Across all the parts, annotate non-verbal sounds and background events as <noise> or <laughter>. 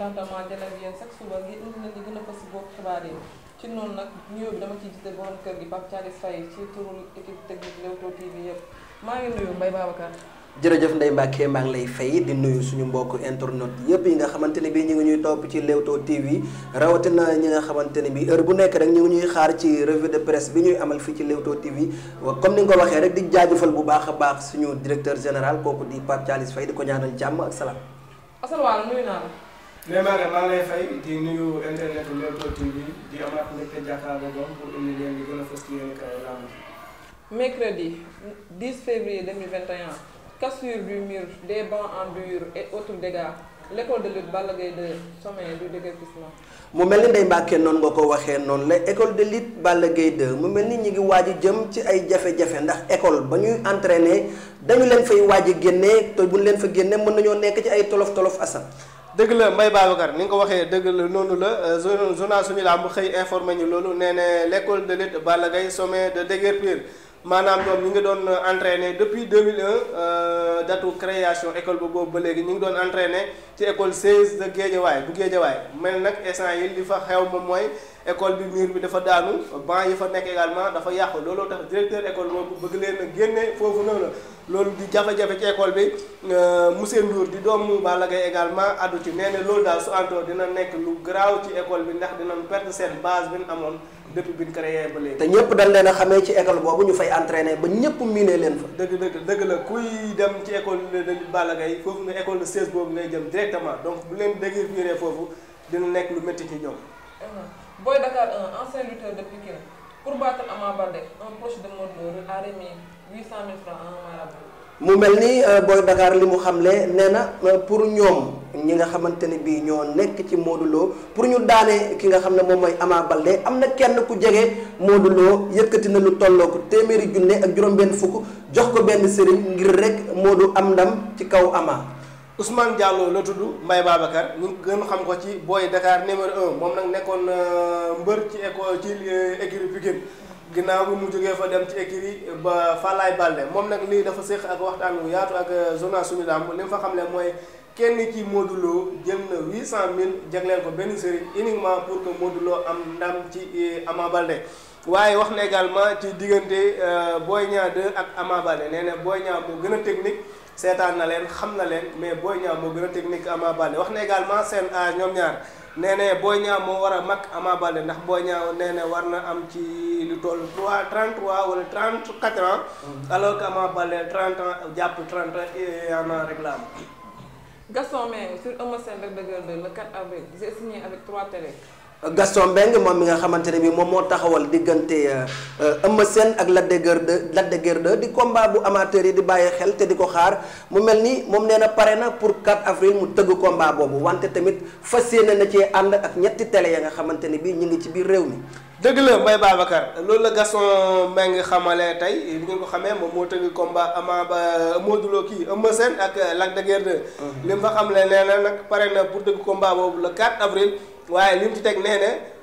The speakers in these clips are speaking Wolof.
contentement jël ak yéen chaque suba ngir indi leen di gën a fës si bopp xibaar yi ci noonu nag nuyoo bi dama ciy jiite borom kër gi Pape Thialis Faye ci turu équipe technique Leewtoo TV yëpp maa ngi nuyu Mbaye Babacar. jërëjëf Ndeye Mbacke maa ngi lay fay di nuyu suñu mbokk internet yëpp yi nga xamante ne bii ñu ngi ñuy topp ci Leewtoo TV rawatina ñi nga xamante ne bii heure bu nekk rek ñu ngi ñuy xaar ci revue de presse bi ñuy amal fii ci Leewtoo TV comme ni nga ko waxee rek di jaajëfal bu baax a baax suñu directeur général kooku di Pape Thialis di ko ñaanal jàmm ak salaam. Souleymane maa ngi lay fay di nuyu internet Leewtoo TV di amaat mbégte jàkkaarloo moom pour indi leen di gën a du mur des bancs en dur et autres l'école de lutte Balla Gaye 2 sommet du déguerpissement. mu mel ni day Mbacke noonu nga ko waxee noonu la école de lutte Balla Gaye 2 mu mel ni ñi ngi waaj a jëm ci ay jafe-jafe ndax école ba ñuy entraîner dañu leen fay waaj a génne te buñ leen fa génne mën nañoo nekk ci ay tolof tolof asan. dëgg la Mbaye Babacar ni nga ko waxee dëgg la noonu la journal euh, suñu làmb xëy informé ñu loolu nee ne l'école de lutte Balla Gaye sommet de déguerpir maanaam ñoom ñi ngi doon entraîné depuis 2001 euh, datu création école ba boobu ba léegi ñi ngi doon entraîné ci école 16 de Guédiawaye bu Guédiawaye mel nag instant yi li fa xew moom mooy école bi mur bi dafa daanu banc yi fa nekk également dafa yàqu looloo tax directeur école boobu bëgg leen a génne foofu noonu loolu di jafe-jafe ci bi euh, monsieur Ndour di doomu Balla Gaye également addu ci nee loolu daal su antoo dina nekk lu garaaw ci école bi ndax dinañ perte seen base bi ñu amoon depuis bi ñu créé ba léegi. te ñëpp dañ leen a xamee ci école boobu ñu fay entraîner ba ñëpp miinee leen fa. dëgg dëgg dëgg la kuy dem ci école de foofu nga école de boobu ngay jëm directement donc bu leen déggee fiiree foofu dina nekk lu métti ci ñoom. Euh, Boy Dakar un ancien lutteur de Pikine pour battre Ama Baldé un proche de Modou Lô a remis 800 000 francs à un marabout. mu mel ni euh, Boy Dakar li mu xamle nee na euh, pour ñoom ñi nga xamante ne bii ñoo nekk ci Modou Lo pour ñu daane ki nga xam ne moom mooy Ama Baldé am na kenn ku jege moo du loo yëkkati na lu tolloo ko téeméeri junne ak juróom-benn fukk jox ko benn sëriñ ngir rek du am ndam ci kaw Ama. Ousmane Diallo la tudd mbay Babacar ñu gën xam ko ci booy dakaar numéro 1 moom nag nekkoon euh, mbër ci école ci écurie Pikine ginnaaw bi mu jógee fa dem ci écurie ba Falaye Baldé moom nag lii dafa séq ak waxtaan wu yaatu ak journal euh, suñu làmb li mu fa xamle mooy kenn ci Modou Lo jël na 800000 jagleel ko benn sëriñ uniquement pour que Modou am ndam ci euh, Ama Baldé waaye wax na également ci diggante euh, Boy Niang 2 ak Ama Baldé nee na Boy Niang moo gën a technique seetaan na leen xam na leen mais Boy Niang moo gën a technique Ama Baldé wax na également seen ñoom ñaar nee na Boy Niang war a mag Ama Baldé ndax Boy na war na am ci. lu toll 3 33 wala 34 ans. Mm-hmm. alors que Ama Baldé 30 ans jàpp 30 ans et en a réclame. Gaston Mbengue sur Eumeu Sène Lac de Guiers 2 le avec 3 télé. Gaston Mbengue moom mi nga xamante ne bii moom moo taxawal diggante euh, Eumeu Sène ak Lac de Guiers 2 di combat bu amateur yi di bàyyi xel te di ko xaar mu mel ni moom nee na pare na pour 4 avril mu tëgg combat boobu wante tamit fas yéene na cee ànd ak ñetti tele ya nga xamante ne bii ñu ngi ci biir réew mi. dëgg la Mbaye Babacar loolu la Gaston Mbengue xamale tey li ngeen ko xamee moom moo tëgg combat Ama ba Modou Lo kii Eumeu Sène ak Lac de Guiers 2. li mu fa xamle nee na nag pare na pour tëgg combat boobu la 4 avril waaye li mu ci teg nee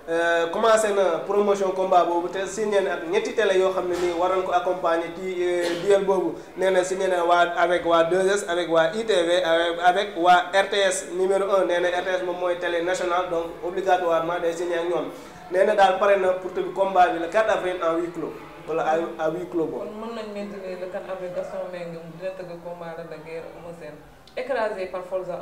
Euh, commencé na promotion combat boobu te signé na ak ñetti télé yoo xam ne nii waroon ko accompagner ci euh, duel boobu nee na signé waa avec waa 2S avec waa ITV euh, avec waa RTS numéro 1 nee RTS moom mooy télé national donc obligatoirement day signé ak ñoom nee daal pare na pour tëgg combat bi le 4 avril en huis clos wala à à huis clos boobu. kon mën nañu maintenir le 4 avril Gaston Mbengue dina tëgg combat la guerre homogène écrasé par Forza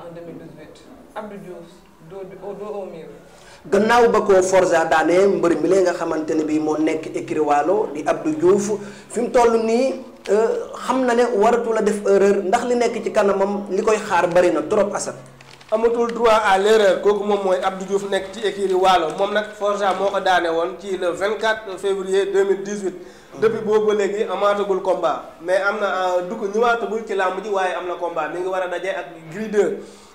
gannaaw ba ko Forza daanee mbër mi lee nga xamante ne bii moo nekk écurie Waalo di Abdou Diouf fi mu toll nii euh, xam na ne waratu la def erreur ndax li nekk ci kanamam li koy xaar bari na trop asat amatul droit à l'erreur kooku moom mooy Abdou Diouf nekk ci écurie Waalo moom nag Forza moo ko daane woon ci le 24 février 2018. depuis boobu ba léegi amaatagul combat mais am na euh, dugg ñëwaatagul ci làmb ji waaye am na combat mi ngi war a daje ak Gris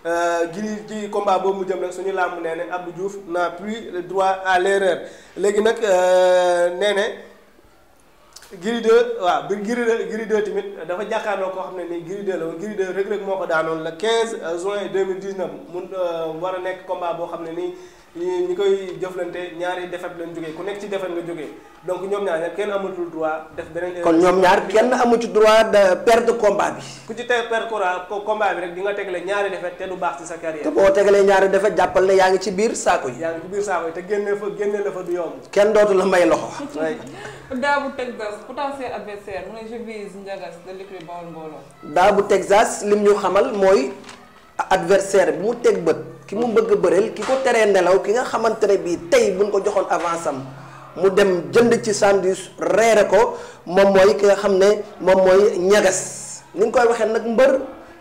Euh, giri ci combat boobu mu jëm rek suñu làmb nee ne Abdou Diouf n'a plus le droit à l'erreur léegi nag euh, nee ne Gris 2 waaw bi Gris 2 Gris tamit dafa jàkkaarloo ko xam ne nii Gris 2 la woon Gris 2 Reug Reug moo ko daanoon le 15 juin 2019 mun euh, war a nekk combat boo xam ne nii ñi koy jëflante ñaari defet leen jógee ku nekk ci defet nga jógee donc ñoom ñaar ñëpp kenn amatul droit def beneen. kon ñoom ñaar kenn amu ci droit de perdre combat bi. ku ci teg perdre combat bi rek di nga tegle ñaari defet te du baax ci sa carrière. te boo tegalee ñaari defet jàppal ne yaa ngi ci biir saako yi. yaa biir saako yi te génne fa génne la fa du yomb. kenn dootu la may loxo. <laughs> Daabu Texas potentiel adversaire mu ne je vise Ndiagas de l'écurie Bawol Mbooloo. Daabu Texas lim ñu xamal mooy adversaire bi mu teg bët. ki mu bëgg a ki ko teree nelaw ki nga xamante ne bii tey buñ ko joxoon avance am mu dem jënd ci sandwich reere ko moom mooy ki nga xam ne moom mooy ñagas ni nga koy waxee nag mbër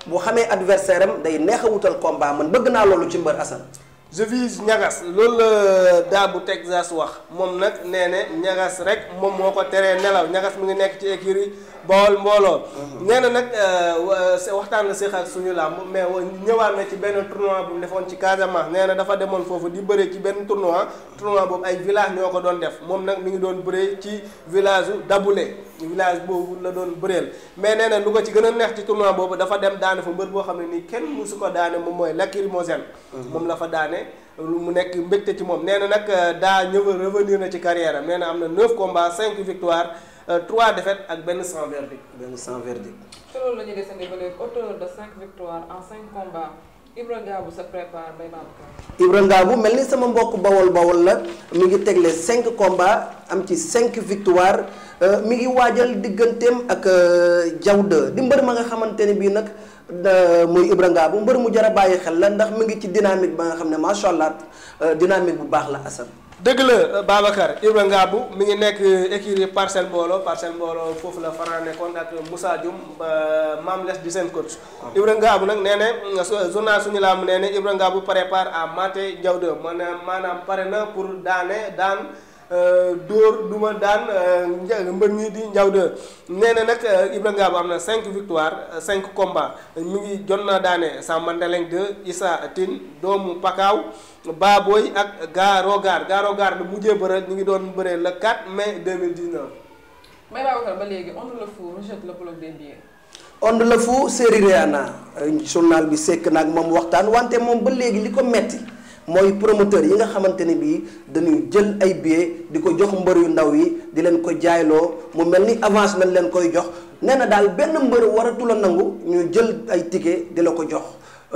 bu xamee adversaire am day neex a wutal combat man bëgg naa loolu ci mbër Assane. je vise ñagas loolu la daa bu Texas wax moom nag nee ne ñagas rek moom moo ko teree nelaw ñagas mu ngi nekk ci écurie bool mbooloo mhm. nee na nag euh, waxtaan la séq ak suñu làmb mais ñëwaan na ci benn tournoi bu mu defoon ci Casamance nee na dafa demoon foofu di bëre ci benn tournoi tournoi boobu ay village ñoo ko doon def moom nag mi ngi doon bëree ci village u Daboulé village boobu la doon bëreel mais nee na lu ko ci gën a neex ci tournoi boobu dafa dem daane fa mbër boo xam ne nii kenn su ko daane moom mooy lacrymogène mhm. moom la fa daane lu mu nekk mbégte ci moom nee na nag euh, daa ñëw revenir na ci carrière am na am na 9 combats 5 victoires 3 euh, défaites ak benn sans verdict. benn sans verdict. te loolu la ñuy desandi ba léegi en 5 combats. Ibra Ngabou sa prépare Mbaye Babacar. mel ni sama mbokk bawol bawol la mi ngi tegle cinq combats am ci cinq victoire euh, mi ngi waajal digganteem ak Jaw 2 di mbër ma nga xamante ne bii nag. muy Ibra Ngabou mbër mu jar a bàyyi xel la ndax mi ngi ci dynamique ba nga xam ne macha allah euh, dynamique bu baax la Assane. dëgg la euh, Babacar Ibra Ngabou mi ngi nekk euh, écurie parcelle mbooloo parcel mbooloo foofu la Franc nekkoon ak Moussa Dioum maam les di seen coach Ibra nag nee na journal suñu làmb nee na Ibra Ngabou prépare à maté Diaw 2 maanaam pare na pour daane daan. Euh, dóor duma daan euh, mbër mi di njaw de nee na nag euh, Ibra Ngabou am na cinq victoire cinq combat mi ngi jot naa daane Samba Ndeleng de Issa Tine doomu Pakaaw Baboy ak gaaroo gaar lu mujjee bëre ñu ngi doon bëree le 4 mai 2019. may Babacar ba léegi Onde le Fou rejette le bloc des billets. Onde le Fou Serigne Riana journal bi sekk na ak moom waxtaan wante moom ba léegi li ko metti mooy promoteur yi nga xamante ni bii dañuy jël ay billets di ko jox mbër yu ndaw yi di leen ko jaayloo mu mel ni avance lañ leen koy jox nee daal benn mbër waratu la nangu ñu jël ay ticket di la ko jox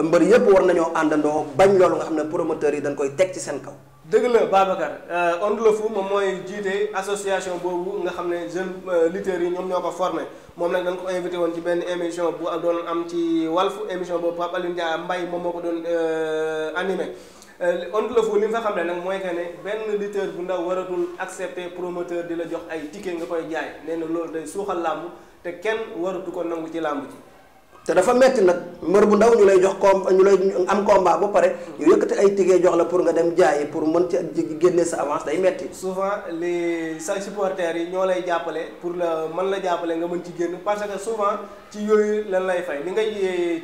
mbër yëpp war nañoo àndandoo bañ loolu nga xam ne promoteurs yi dañ koy teg ci seen kaw. dëgg la Babacar euh, Onde le Fou moom mooy jiite association boobu nga xam ne jeunes euh, lutteurs yi ñoom ñoo ko formé moom nag dañ ko invité woon ci benn émission bu doon am ci Walf émission boobu Pape Alioune moom moo ko doon euh, animé. Euh, Oncle Fou li mu fa xam ne nag mooy que ne benn lutteur bu ndaw waratul accepter promoteur di la jox ay ticket nga koy jaay nee na loolu de suuxal làmb te kenn waratu ko nangu ci làmb ji te dafa metti nag mbër bu ndaw ñu lay jox ko ñu lay am combat ba pare ñu yëkkati ay tiggee jox la pour nga dem jaayi pour mën ci génne sa avance day metti souvent les sa supporters yi ñoo lay jàppale pour la man la jàppale nga mën ci génn parce que souvent ci yooyu lan lay fay li ngay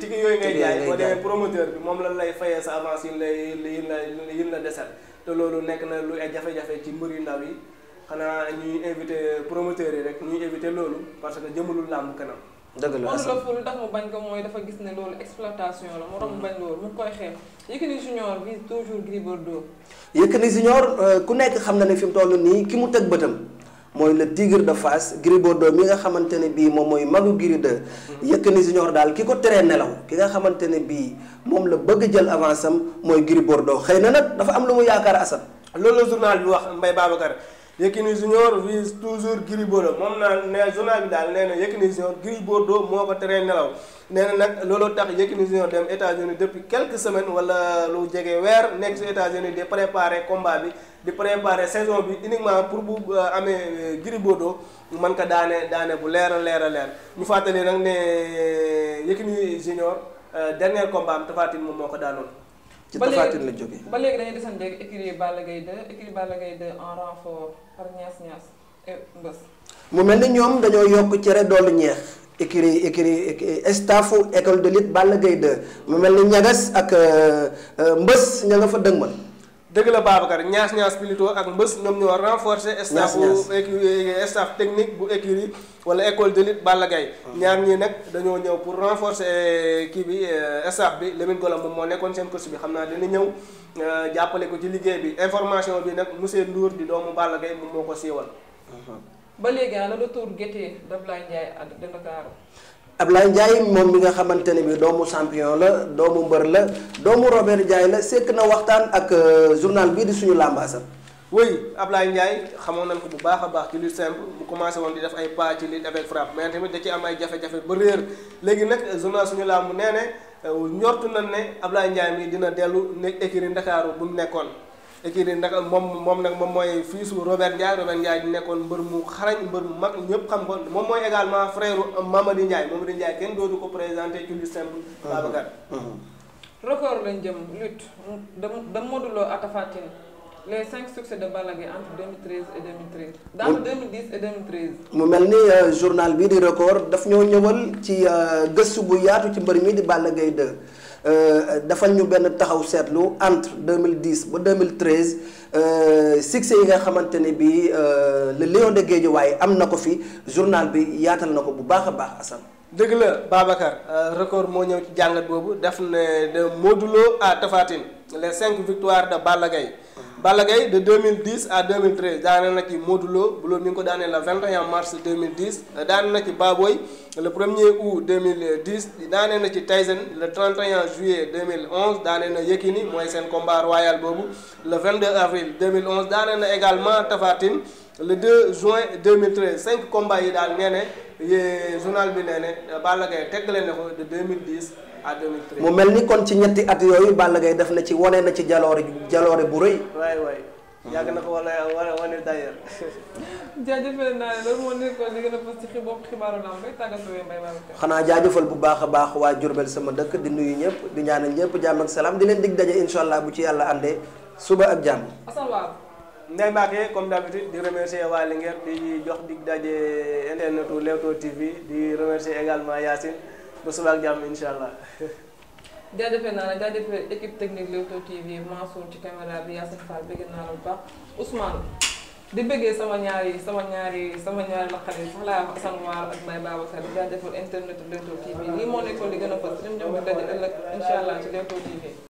tigge yooyu ngay jaay boo demee promoteur bi moom lan lay fayee sa avance yin lay yin la yin la desal te loolu nekk na lu ay jafe-jafe ci mbër yu ndaw yi xanaa ñuy invité promoteurs yi rek ñuy invité loolu parce que jëmalul làmb kanam dëgg la mënu la tax mu bañ ko mooy dafa gis ne loolu exploitation la moo tax mu bañ loolu mu koy xeex Yékini Junior bi toujours Gris Bordeaux. Yékini Junior euh, ku nekk xam na ne fi mu toll nii ki mu teg bëtam mooy le tigre de Fass Gris Bordeaux mi nga xamante ne bii moom mooy magu de 2. ni Junior daal ki ko teree nelaw ki nga xamante ne bii moom la bëgg jël avance am mooy Gris Bordeaux xëy na nag dafa am lu mu yaakaar Assane. loolu la journal bi wax Mbaye Babacar. Yékini Junior vise toujours Gris Bordeaux moom naa ne journal bi daal nee na Yékini Junior Gris Bordeaux moo ko teree nelaw nee na nag looloo tax Yékini Junior dem États-Unis depuis quelques semaines wala lu jege weer nekk si États-Unis di préparer combat bi di préparer saison bi uniquement pour bu euh, amee euh, Gris Bordeaux man ko daane daane bu leer a leer a leer ñu fàttali nag ne euh, Yékini Junior dernier combat am Tapha Tine moom moo ko daanoon. ci tafaatin la jógee ba léegi dañuy desanteeg écurie Balla gay 2 écurie Balla Gaye en renfort par ñaas ñaas mbës. mu mel ni ñoom dañoo yokk cere dollu ñeex écurie écurie staffu école de lutte ball Gaye 2 mu mel ni ñagas ak euh, euh, mbës ña nga fa dëgmal. dëgg la Babacar ñaas ñaas Pilito ak mbës ñoom ñoo renforcer. staff bu staff technique bu écurie wala école de lutte Balla ah. ñaar ñii nag dañoo ñëw pour renforcer eh, kii bi eh, staff bi Lamine Gola moom moo nekkoon seen coach bi xam naa dina ñëw eh, jàppale ko ci liggéey bi information bi nag monsieur Ndour di doomu Balla Gaye moom moo ko siiwal. Ah. ba léegi le retour guetté d'Ablaye Ndiaye de Dakar. ab Ablaye Ndiaye moom bi nga xamante ne bi doomu champion la doomu mbër la doomu Robert Ndiaye la sekk na waxtaan ak euh, journal bii di suñu làmbaasam ab Ablaye Ndiaye xamoon nañ ko bu baax a baax ci lutte simple mu commencé woon di def ay pas ci lutte avec frappe mais tamit da ci am ay jafe-jafe ba réer léegi nag journal suñu làmb nee ne euh, njortu nañ ne Ablaye Ndiaye mi dina dellu nekk écurie Ndakaaru bu mu nekkoon écurie nag moom moom nag moom mooy fils su Robert Ndiaye Robert Ndiaye di nekkoon mbër mu xarañ mbër mu mag ñëpp xam ko moom mooy également frère Mamadi Ndiaye Mamadi Ndiaye kenn dootu ko présenté ci lu simple. Babacar. record lañ jëm lutte mu da Modou Lo à Tapha Tine les cinq succès de Balla Gaye entre 2013 et 2013. dans 2010 et 2013. mu mel ni euh, journal bii di record daf ñoo ñëwal ci euh, gëstu bu yaatu ci mbër mi di Balla Gaye 2. Euh, defal ñu benn taxaw seetlu entre 2010 ba de 2013 euh, succès yi nga xamante ne bii euh, le Lion de waaye am na ko fi journal bi yaatal na ko bu baax a baax Assane. dëgg la Babacar record moo ñëw ci jàngat boobu def ne de Modou Lo à Tapha Tine les cinq victoires de Balla Gaye Balla Gaye de 2010 à 2013 daane na ci Modou Lo bu loolu mi ngi ko daanee le 21 mars 2010 daane na ci Baboy le 1er août 2010 daane na ci Tyson le 31 juillet 2011 daane na Yekini mooy seen combat royal boobu le 22 avril 2011 daane na également Tapha Tine le 2 juin 2013 cinq combats yi daal nee ne journal bi nee ne Balla teg teggale na ko de 2010 mu mel ni kon ci ñetti at yooyu Balla Gaye def na ci wone na ci jaloore jaloore bu rëy. waay waay na ko wala wala wane <laughs> xanaa jaajëfal bu baax a baax waa Jurbel sama dëkk di nuyu ñëpp di ñaanal ñëpp jàmm ak salaam di leen dig daje incha allah bu ci yàlla àndee suba ak jàmm. asalaamaaleykum. Ndeye Mbacke comme d'habitude di remercier waa Linguère di jox dig daje internetu Leewtoo TV di remercier également Yacine. ba suba ak jàmm incha allah. naa la jaajëfee équipe technique Leewtoo TV Mansour ci caméra bi Yacine Fall bëgg naa la bu baax Ousmane di bëggee sama ñaari sama ñaari sama ñaari laqare yi sax laa wax Assane Waar ak Baye Babacar di jaajëfal internet Leewtoo TV lii moo nekkoon di gën a fës ñoom ñoom ñu daje ëllëg ci Leewtoo TV.